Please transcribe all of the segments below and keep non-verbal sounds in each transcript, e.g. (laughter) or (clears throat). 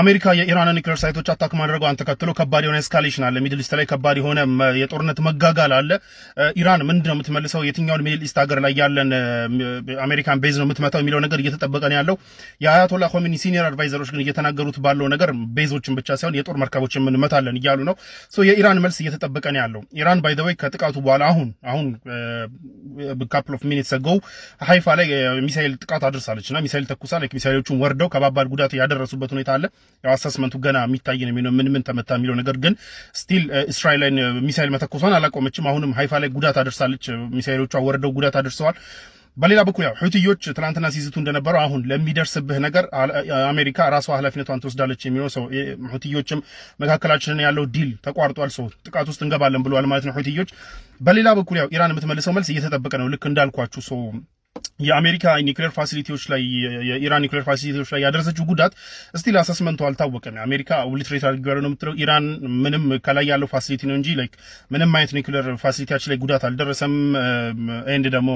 አሜሪካ የኢራንን ኒክሌር ሳይቶች አታክ ማድረጓን ተከትሎ ከባድ የሆነ ኤስካሌሽን አለ። ሚድል ኢስት ላይ ከባድ የሆነ የጦርነት መጋጋል አለ። ኢራን ምንድን ነው የምትመልሰው? የትኛውን ሚድል ኢስት ሀገር ላይ ያለን አሜሪካን ቤዝ ነው የምትመታው የሚለው ነገር እየተጠበቀ ነው ያለው። የአያቶላ ኮሚኒ ሲኒየር አድቫይዘሮች ግን እየተናገሩት ባለው ነገር ቤዞችን ብቻ ሳይሆን የጦር መርከቦችን እንመታለን እያሉ ነው። የኢራን መልስ እየተጠበቀ ነው ያለው። ኢራን ባይ ዘ ወይ ከጥቃቱ በኋላ አሁን አሁን ካፕል ኦፍ ሚኒትስ አጎ ሀይፋ ላይ ሚሳይል ጥቃት አድርሳለች እና ሚሳይል ተኩሳ ሚሳይሎቹን ወርደው ከባባድ ጉዳት ያደረሱበት ሁኔታ አለ። አሰስመንቱ ገና የሚታይ ነው የሚሆነው። ምን ምን ተመታ የሚለው ነገር ግን ስቲል uh, እስራኤል ላይ uh, ሚሳይል መተኮሷን አላቆመችም። አሁንም ሀይፋ ላይ ጉዳት አደርሳለች። uh, ሚሳይሎቿ ወርደው ጉዳት አደርሰዋል። በሌላ በኩል ያው ሁቲዮች ትላንትና ሲዝቱ እንደነበረው አሁን ለሚደርስብህ ነገር አሜሪካ ራሷ ኃላፊነቷን ትወስዳለች የሚለው ሰው ሁቲዮችም መካከላችንን ያለው ዲል ተቋርጧል፣ ሰው ጥቃት ውስጥ እንገባለን ብለዋል ማለት ነው ሁቲዮች። በሌላ በኩል ያው ኢራን የምትመልሰው መልስ እየተጠበቀ ነው ልክ እንዳልኳችሁ ሰው የአሜሪካ ኒክሌር ፋሲሊቲዎች ላይ የኢራን ኒክሌር ፋሲሊቲዎች ላይ ያደረሰችው ጉዳት እስቲል አሳስመንቶ አልታወቀም። የአሜሪካ ኦብሊትሬት አድርጌዋለሁ ነው የምትለው ኢራን ምንም ከላይ ያለው ፋሲሊቲ ነው እንጂ ምንም አይነት ኒክሌር ፋሲሊቲያች ላይ ጉዳት አልደረሰም። ኤንድ ደግሞ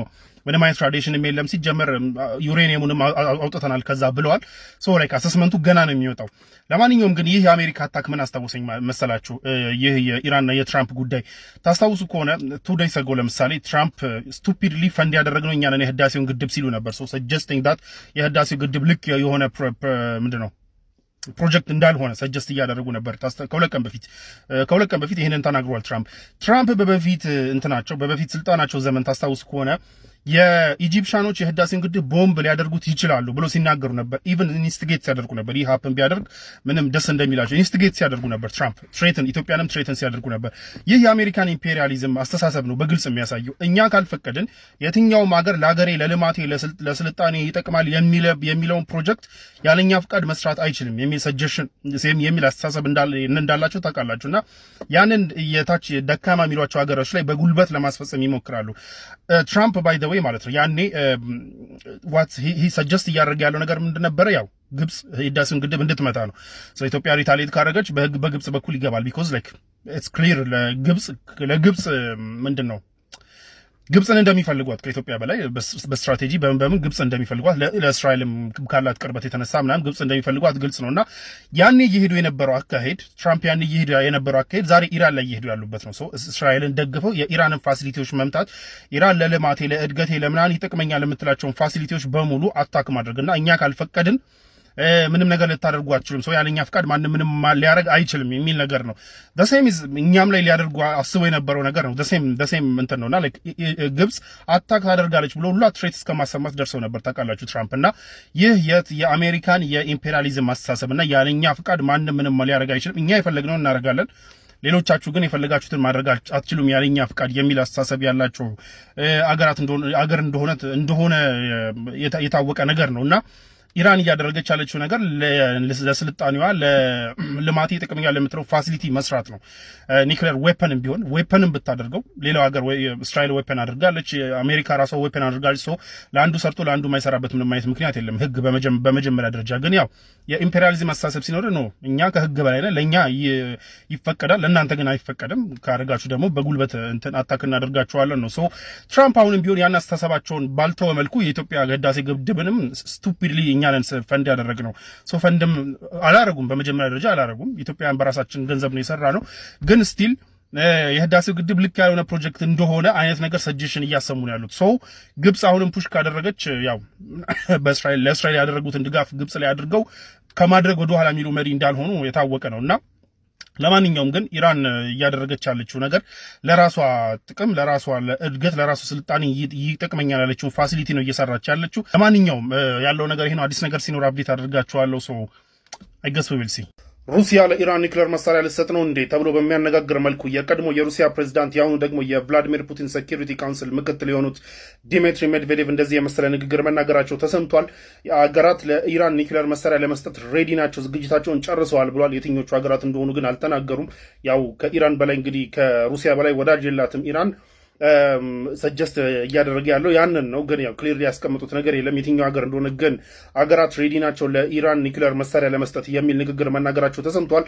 ምንም አይነት ራዲሽንም የለም ሲጀመር ዩሬኒየሙንም አውጥተናል ከዛ ብለዋል። ሶ ላይክ አሰስመንቱ ገና ነው የሚወጣው። ለማንኛውም ግን ይህ የአሜሪካ አታክ ምን አስታወሰኝ መሰላችሁ? ይህ የኢራንና የትራምፕ ጉዳይ ታስታውሱ ከሆነ ቱ ዴይስ ለምሳሌ ትራምፕ ስቱፒድሊ ፈንድ ያደረግነው እኛ የህዳሴውን ግድብ ሲሉ ነበር። ሶ ሰጀስቲንግ ዳት የህዳሴው ግድብ ልክ የሆነ ምንድን ነው ፕሮጀክት እንዳልሆነ ሰጀስት እያደረጉ ነበር። ከሁለት ቀን በፊት ከሁለት ቀን በፊት ይህንን ተናግሯል ትራምፕ። ትራምፕ በበፊት እንትናቸው በበፊት ስልጣናቸው ዘመን ታስታውስ ከሆነ የኢጂፕሻኖች የህዳሴን ግድብ ቦምብ ሊያደርጉት ይችላሉ ብሎ ሲናገሩ ነበር። ኢቨን ኢንስቲጌት ሲያደርጉ ነበር። ይህ ሀፕን ቢያደርግ ምንም ደስ እንደሚላቸው ኢንስቲጌት ሲያደርጉ ነበር። ትራምፕ ትሬትን፣ ኢትዮጵያንም ትሬትን ሲያደርጉ ነበር። ይህ የአሜሪካን ኢምፔሪያሊዝም አስተሳሰብ ነው በግልጽ የሚያሳየው። እኛ ካልፈቀድን የትኛውም ሀገር ለሀገሬ፣ ለልማቴ፣ ለስልጣኔ ይጠቅማል የሚለውን ፕሮጀክት ያለኛ ፍቃድ መስራት አይችልም የሚል ሰጀሽን የሚል አስተሳሰብ እንዳላቸው ታውቃላችሁ። እና ያንን የታች ደካማ የሚሏቸው ሀገሮች ላይ በጉልበት ለማስፈጸም ይሞክራሉ። ትራምፕ ባይ ዘ ወይ ወይ ማለት ነው። ያኔ ዋት ሰጀስት እያደረገ ያለው ነገር ምንድን ነበረ? ያው ግብፅ ህዳሴውን ግድብ እንድትመታ ነው። ኢትዮጵያ ሪታሌት ካደረገች በግብፅ በኩል ይገባል። ቢኮዝ ላይክ ኢትስ ክሊር ለግብፅ ምንድን ነው ግብፅን እንደሚፈልጓት ከኢትዮጵያ በላይ በስትራቴጂ በምን በምን ግብፅ እንደሚፈልጓት ለእስራኤልም ካላት ቅርበት የተነሳ ምናምን ግብፅ እንደሚፈልጓት ግልጽ ነው እና ያኔ እየሄዱ የነበረው አካሄድ ትራምፕ ያኔ እየሄዱ የነበረው አካሄድ ዛሬ ኢራን ላይ እየሄዱ ያሉበት ነው። ሰው እስራኤልን ደግፈው የኢራንን ፋሲሊቲዎች መምታት፣ ኢራን ለልማቴ ለእድገቴ ለምናን ይጠቅመኛል የምትላቸውን ፋሲሊቲዎች በሙሉ አታክ ማድረግ እና እኛ ካልፈቀድን ምንም ነገር ልታደርጉ አችሉም፣ ሰው ያለኛ ፍቃድ ማንም ምንም ሊያደርግ አይችልም የሚል ነገር ነው። ደሴም እኛም ላይ ሊያደርጉ አስበው የነበረው ነገር ነው። ደሴም ደሴም እንትን ነውና ግብፅ አታክ ታደርጋለች ብሎ ሁሉ ትሬት እስከ ማሰማት ደርሰው ነበር ታውቃላችሁ፣ ትራምፕ እና ይህ የት የአሜሪካን የኢምፔሪያሊዝም አስተሳሰብ እና ያለኛ ፍቃድ ማንም ምንም ሊያደርግ አይችልም፣ እኛ የፈለግነውን እናደርጋለን ሌሎቻችሁ ግን የፈለጋችሁትን ማድረግ አትችሉም ያለኛ ፍቃድ የሚል አስተሳሰብ ያላቸው አገራት አገር እንደሆነ እንደሆነ የታወቀ ነገር ነው እና ኢራን እያደረገች ያለችው ነገር ለስልጣኔዋ ለልማት ጥቅምያ ለምትለው ፋሲሊቲ መስራት ነው። ኒክሌር ዌፐንም ቢሆን ዌፐንም ብታደርገው ሌላው ሀገር እስራኤል ዌፐን አድርጋለች፣ አሜሪካ ራሷ ዌፐን አድርጋለች። ሰው ለአንዱ ሰርቶ ለአንዱ የማይሰራበት ምንም አይነት ምክንያት የለም። ህግ በመጀመሪያ ደረጃ ግን ያው የኢምፔሪያሊዝም አስተሳሰብ ሲኖር ነው እኛ ከህግ በላይ ነን፣ ለእኛ ይፈቀዳል፣ ለእናንተ ግን አይፈቀድም፣ ካደርጋችሁ ደግሞ በጉልበት እንትን አታክ እናደርጋችኋለን ነው። ትራምፕ አሁንም ቢሆን ያን አስተሳሰባቸውን ባልተወ መልኩ የኢትዮጵያ ህዳሴ ግድብንም ስቱፒድሊ እኛ ነን ፈንድ ያደረግ ነው። ሰው ፈንድም አላረጉም፣ በመጀመሪያ ደረጃ አላረጉም። ኢትዮጵያን በራሳችን ገንዘብ ነው የሰራ ነው። ግን ስቲል የህዳሴው ግድብ ልክ ያልሆነ ፕሮጀክት እንደሆነ አይነት ነገር ሰጀሽን እያሰሙ ነው ያሉት። ሰው ግብፅ አሁንም ፑሽ ካደረገች ያው (clears throat) ለእስራኤል ያደረጉትን ድጋፍ ግብፅ ላይ አድርገው ከማድረግ ወደኋላ የሚሉ መሪ እንዳልሆኑ የታወቀ ነው እና ለማንኛውም ግን ኢራን እያደረገች ያለችው ነገር ለራሷ ጥቅም፣ ለራሷ እድገት፣ ለራሷ ስልጣኔ ይጠቅመኛል ያለችው ፋሲሊቲ ነው እየሰራች ያለችው። ለማንኛውም ያለው ነገር ይሄ ነው። አዲስ ነገር ሲኖር አብዴት አድርጋችኋለሁ። ሰው አይገስ ዊል ሲ ሩሲያ ለኢራን ኒክለር መሳሪያ ልሰጥ ነው እንዴ ተብሎ በሚያነጋግር መልኩ የቀድሞ የሩሲያ ፕሬዚዳንት የአሁኑ ደግሞ የቭላዲሚር ፑቲን ሴኪሪቲ ካውንስል ምክትል የሆኑት ዲሜትሪ ሜድቬዴቭ እንደዚህ የመሰለ ንግግር መናገራቸው ተሰምቷል። ሀገራት ለኢራን ኒክለር መሳሪያ ለመስጠት ሬዲ ናቸው፣ ዝግጅታቸውን ጨርሰዋል ብሏል። የትኞቹ ሀገራት እንደሆኑ ግን አልተናገሩም። ያው ከኢራን በላይ እንግዲህ ከሩሲያ በላይ ወዳጅ የላትም ኢራን ሰጀስት um, uh, እያደረገ ያለው ያንን ነው። ግን ያው ክሊር ያስቀምጡት ነገር የለም የትኛው ሀገር እንደሆነ ግን አገራት ሬዲ ናቸው ለኢራን ኒክሌር መሳሪያ ለመስጠት የሚል ንግግር መናገራቸው ተሰምቷል።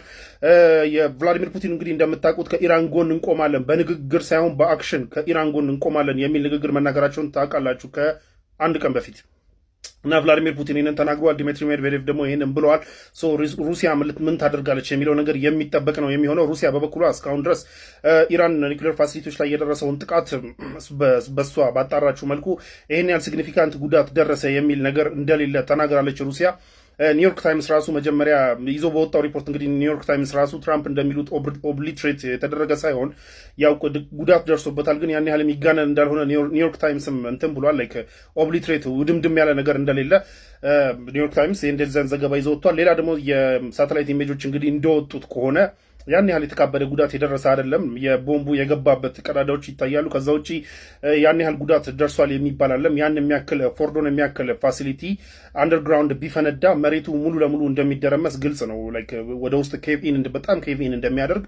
uh, የቭላዲሚር ፑቲን እንግዲህ እንደምታውቁት ከኢራን ጎን እንቆማለን፣ በንግግር ሳይሆን በአክሽን ከኢራን ጎን እንቆማለን የሚል ንግግር መናገራቸውን ታውቃላችሁ ከአንድ ቀን በፊት እና ቭላዲሚር ፑቲን ይህንን ተናግረዋል። ዲሜትሪ ሜድቬዴቭ ደግሞ ይህንን ብለዋል። ሩሲያ ምን ታደርጋለች የሚለው ነገር የሚጠበቅ ነው የሚሆነው። ሩሲያ በበኩሏ እስካሁን ድረስ ኢራን ኒክሌር ፋሲሊቲዎች ላይ የደረሰውን ጥቃት በሷ ባጣራችው መልኩ ይህን ያህል ሲግኒፊካንት ጉዳት ደረሰ የሚል ነገር እንደሌለ ተናግራለች ሩሲያ ኒውዮርክ ታይምስ ራሱ መጀመሪያ ይዞ በወጣው ሪፖርት እንግዲህ ኒውዮርክ ታይምስ ራሱ ትራምፕ እንደሚሉት ኦብሊትሬት የተደረገ ሳይሆን ያው ጉዳት ደርሶበታል፣ ግን ያን ያህል የሚጋነን እንዳልሆነ ኒውዮርክ ታይምስም እንትን ብሏል። ላይክ ኦብሊትሬት ውድምድም ያለ ነገር እንደሌለ ኒውዮርክ ታይምስ የእንደዛን ዘገባ ይዞ ወጥቷል። ሌላ ደግሞ የሳተላይት ኢሜጆች እንግዲህ እንደወጡት ከሆነ ያን ያህል የተካበደ ጉዳት የደረሰ አይደለም። የቦምቡ የገባበት ቀዳዳዎች ይታያሉ። ከዛ ውጭ ያን ያህል ጉዳት ደርሷል የሚባል አለም ያን የሚያክል ፎርዶን የሚያክል ፋሲሊቲ አንደርግራውንድ ቢፈነዳ መሬቱ ሙሉ ለሙሉ እንደሚደረመስ ግልጽ ነው። ወደ ውስጥ ኬቪን በጣም ኬቪን እንደሚያደርግ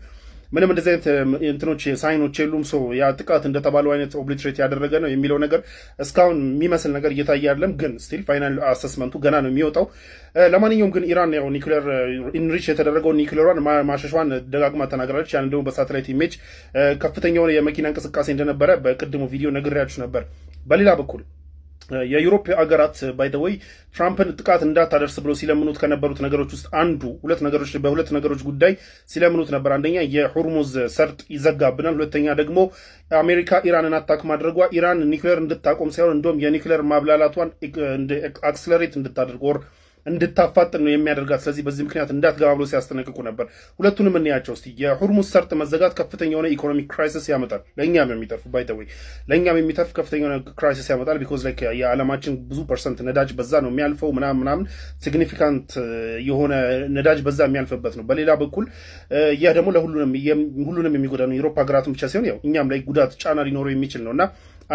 ምንም እንደዚህ አይነት እንትኖች ሳይኖች የሉም። ሰው ያ ጥቃት እንደተባለው አይነት ኦብሊትሬት ያደረገ ነው የሚለው ነገር እስካሁን የሚመስል ነገር እየታየ አይደለም። ግን ስቲል ፋይናል አሰስመንቱ ገና ነው የሚወጣው። ለማንኛውም ግን ኢራን ያው ኒውክሌር ኢንሪች የተደረገው ኒውክሌሯን ማሸሿን ደጋግማ ተናግራለች። ያን ደግሞ በሳተላይት ኢሜጅ ከፍተኛውን የመኪና እንቅስቃሴ እንደነበረ በቅድሙ ቪዲዮ ነግሬያችሁ ነበር። በሌላ በኩል የዩሮፕ አገራት ወይ ትራምፕን ጥቃት እንዳታደርስ ብሎ ሲለምኑት ከነበሩት ነገሮች ውስጥ አንዱ ሁለት ነገሮች በሁለት ነገሮች ጉዳይ ሲለምኑት ነበር። አንደኛ የሁርሙዝ ሰርጥ ይዘጋብናል፣ ሁለተኛ ደግሞ አሜሪካ ኢራንን አታክ ማድረጓ ኢራን ኒክሌር እንድታቆም ሳይሆን እንዲሁም የኒክሌር ማብላላቷን አክስለሬት እንድታደርግ ወር እንድታፋጥን ነው የሚያደርጋት። ስለዚህ በዚህ ምክንያት እንዳትገባ ብሎ ሲያስጠነቅቁ ነበር። ሁለቱንም እንያቸው እስቲ። የሁርሙስ ሰርጥ መዘጋት ከፍተኛ የሆነ ኢኮኖሚክ ክራይሲስ ያመጣል። ለእኛም የሚተርፍ ባይተወይ ለእኛም የሚተርፍ ከፍተኛ የሆነ ክራይሲስ ያመጣል። ቢኮዝ ላይክ የዓለማችን ብዙ ፐርሰንት ነዳጅ በዛ ነው የሚያልፈው ምናምን ምናምን፣ ሲግኒፊካንት የሆነ ነዳጅ በዛ የሚያልፍበት ነው። በሌላ በኩል ይህ ደግሞ ለሁሉንም የሚጎዳ ነው። ዩሮፕ ሀገራትን ብቻ ሲሆን ያው እኛም ላይ ጉዳት ጫና ሊኖረው የሚችል ነው እና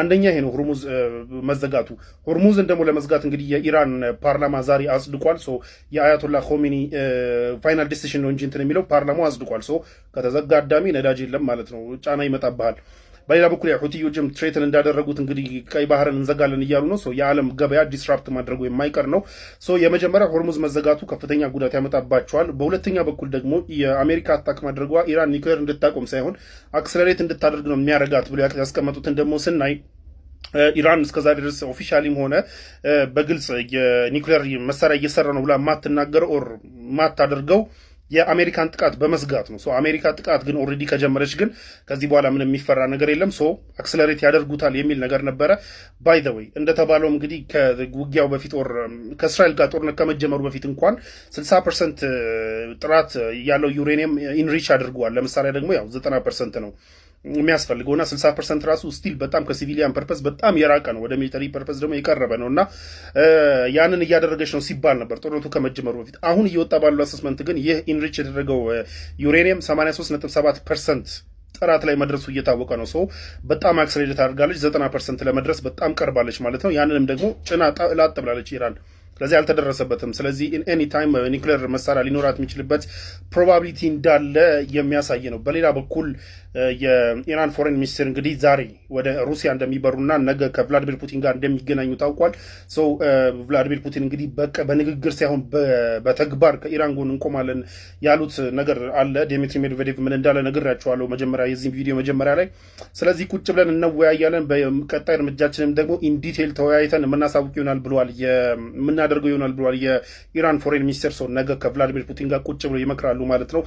አንደኛ ይሄ ነው ሁርሙዝ መዘጋቱ። ሁርሙዝን ደግሞ ለመዝጋት እንግዲህ የኢራን ፓርላማ ዛሬ አጽድቋል። ሶ የአያቶላ ኮሚኒ ፋይናል ዲሲሽን ነው እንጂ እንትን የሚለው ፓርላማው አጽድቋል። ሶ ከተዘጋ አዳሚ ነዳጅ የለም ማለት ነው። ጫና ይመጣብሃል። በሌላ በኩል ሁቲዮችም ትሬትን እንዳደረጉት እንግዲህ ቀይ ባህርን እንዘጋለን እያሉ ነው። የዓለም ገበያ ዲስራፕት ማድረጉ የማይቀር ነው። የመጀመሪያ ሆርሙዝ መዘጋቱ ከፍተኛ ጉዳት ያመጣባቸዋል። በሁለተኛ በኩል ደግሞ የአሜሪካ አታክ ማድረጓ ኢራን ኒውክሌር እንድታቆም ሳይሆን አክስለሬት እንድታደርግ ነው የሚያረጋት ብሎ ያስቀመጡትን ደግሞ ስናይ ኢራን እስከዛ ድረስ ኦፊሻሊም ሆነ በግልጽ የኒውክሌር መሳሪያ እየሰራ ነው ብላ ማትናገር ኦር ማታደርገው የአሜሪካን ጥቃት በመስጋት ነው። አሜሪካ ጥቃት ግን ኦልሬዲ ከጀመረች ግን ከዚህ በኋላ ምንም የሚፈራ ነገር የለም። ሶ አክስለሬት ያደርጉታል የሚል ነገር ነበረ። ባይ ዘ ወይ እንደተባለው እንግዲህ ከውጊያው በፊት ር ከእስራኤል ጋር ጦርነት ከመጀመሩ በፊት እንኳን 60 ፐርሰንት ጥራት ያለው ዩሬኒየም ኢንሪች አድርገዋል። ለምሳሌ ደግሞ ያው 90 ፐርሰንት ነው የሚያስፈልገው እና 60 ፐርሰንት ራሱ ስቲል በጣም ከሲቪሊያን ፐርፐስ በጣም የራቀ ነው። ወደ ሚሊተሪ ፐርፐስ ደግሞ የቀረበ ነው እና ያንን እያደረገች ነው ሲባል ነበር ጦርነቱ ከመጀመሩ በፊት። አሁን እየወጣ ባለው አሰስመንት ግን ይህ ኢንሪች የተደረገው ዩሬኒየም 83.7 ፐርሰንት ጥራት ላይ መድረሱ እየታወቀ ነው። ሰው በጣም አክስሬድ ታደርጋለች፣ 90 ፐርሰንት ለመድረስ በጣም ቀርባለች ማለት ነው። ያንንም ደግሞ ጭና ላጥ ብላለች ኢራን። ስለዚህ አልተደረሰበትም። ስለዚህ ኢንኤኒ ታይም ኒውክሌር መሳሪያ ሊኖራት የሚችልበት ፕሮባቢሊቲ እንዳለ የሚያሳይ ነው። በሌላ በኩል የኢራን ፎሬን ሚኒስትር እንግዲህ ዛሬ ወደ ሩሲያ እንደሚበሩና ነገ ከቭላዲሚር ፑቲን ጋር እንደሚገናኙ ታውቋል። ሰው ቭላዲሚር ፑቲን እንግዲህ በንግግር ሳይሆን በተግባር ከኢራን ጎን እንቆማለን ያሉት ነገር አለ። ዲሚትሪ ሜድቬዴቭ ምን እንዳለ ነግሬያቸዋለሁ መጀመሪያ የዚህ ቪዲዮ መጀመሪያ ላይ። ስለዚህ ቁጭ ብለን እንወያያለን። በቀጣይ እርምጃችንም ደግሞ ኢንዲቴል ተወያይተን የምናሳውቅ ይሆናል ብለዋል። የምናደርገው ይሆናል ብሏል። የኢራን ፎሬን ሚኒስቴር ሰው ነገ ከቭላዲሚር ፑቲን ጋር ቁጭ ብለው ይመክራሉ ማለት ነው።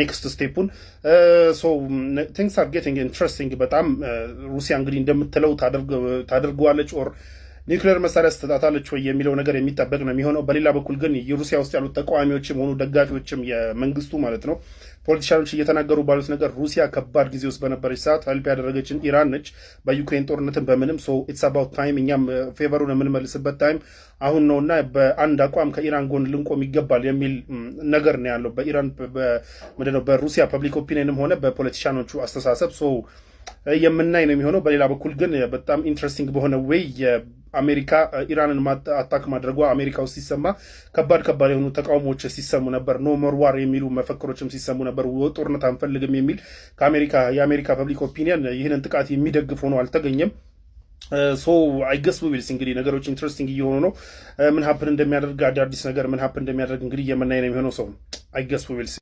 ኔክስት ስቴፑን ቲንግስ አር ጌቲንግ ኢንትረስቲንግ በጣም ሩሲያ እንግዲህ እንደምትለው ታደርገዋለች ኦር ኒውክሌር መሳሪያ ስትታታለች ወይ የሚለው ነገር የሚጠበቅ ነው የሚሆነው። በሌላ በኩል ግን የሩሲያ ውስጥ ያሉት ተቃዋሚዎችም ሆኑ ደጋፊዎችም የመንግስቱ ማለት ነው ፖለቲሻኖች እየተናገሩ ባሉት ነገር ሩሲያ ከባድ ጊዜ ውስጥ በነበረች ሰዓት ሀልፕ ያደረገችን ኢራን ነች። በዩክሬን ጦርነትን በምንም ሰው ኢትስ አባውት ታይም እኛም ፌቨሩን የምንመልስበት ታይም አሁን ነው እና በአንድ አቋም ከኢራን ጎን ልንቆም ይገባል የሚል ነገር ነው ያለው በኢራን ምንድነው በሩሲያ ፐብሊክ ኦፒኒየንም ሆነ በፖለቲሻኖቹ አስተሳሰብ ሰው የምናይ ነው የሚሆነው። በሌላ በኩል ግን በጣም ኢንትረስቲንግ በሆነ ወይ አሜሪካ ኢራንን አታክ ማድረጓ አሜሪካ ውስጥ ሲሰማ ከባድ ከባድ የሆኑ ተቃውሞዎች ሲሰሙ ነበር። ኖ ሞር ዋር የሚሉ መፈክሮችም ሲሰሙ ነበር። ጦርነት አንፈልግም የሚል ከአሜሪካ የአሜሪካ ፐብሊክ ኦፒኒየን ይህንን ጥቃት የሚደግፍ ሆኖ አልተገኘም። ሶ አይገስ ዊልስ እንግዲህ ነገሮች ኢንትረስቲንግ እየሆኑ ነው። ምን ሀፕን እንደሚያደርግ አዳዲስ ነገር ምን ሀፕን እንደሚያደርግ እንግዲህ የምናይ ነው የሚሆነው ሰው አይገስ ዊልስ